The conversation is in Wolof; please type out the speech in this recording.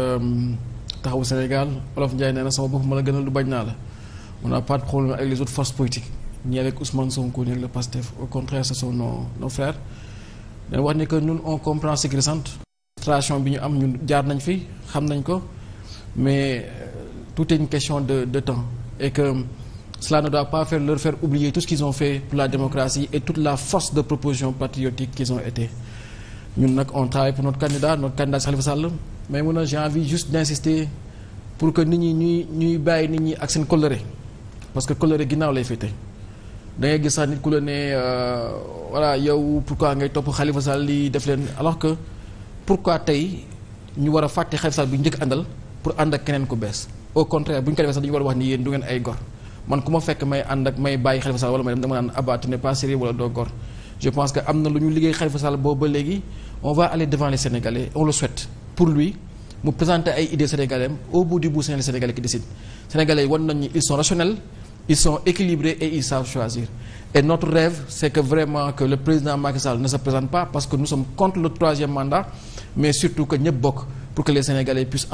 Ehm, taxawu Sénégal Olof Ndiaye nee na sama bopp ma la gënal du bañ naa la on n'a pas de problème avec les autres forces politiques ni avec Ousmane Sonko ni le PASTEF au contraire ce sont nos nos frères dañ wax ni que ñun on comprend ce qu'ils sentent bi ñu am ñun jaar nañ fi xam nañ ko mais euh, tout est question de de temps et que euh, cela ne doit pas faire leur faire oublier tout ce qu'ils ont fait pour la démocratie et toute la force de proposition patriotique qui ont été ñun nag on travaille pour notre candidat notre candidat si Khalifa Sall mais mun a j'ai envie juste d'insister pour que nit ñi ñuy ñuy bàyyi nit ñi ak seen colère parce que colère ginnaaw lay féete da ngay gis sax nit ku la ne euh, voilà yow pourquoi ngay topp xalifa Sall lii def leen alors que pour pourquoi tey ñu war a fàtte Khalifa Sall bu njëkk àndal pour ànd ak keneen ku bees au contraire bu ñu ko defee sax dañu war a wax ni du ngeen ay gor man ku ma fekk may ànd ak may bàyyi Khalifa Sall wala may dem dama naan abattu gor je pense que am na lu ñu liggéey Khalifa Sall boobu ba léegi on va aller devant les Sénégalais on le souhaite pour lui mu présenter ay idées sénégalais au bout du bout les Sénégalais qui décident Sénégalais yi ils sont rationnels ils sont équilibrés et ils savent choisir et notre rêve c'est que vraiment que le président Macky ne se présente pas parce que nous sommes contre le troisième mandat mais surtout que ñëpp bokk pour que les Sénégalais puissent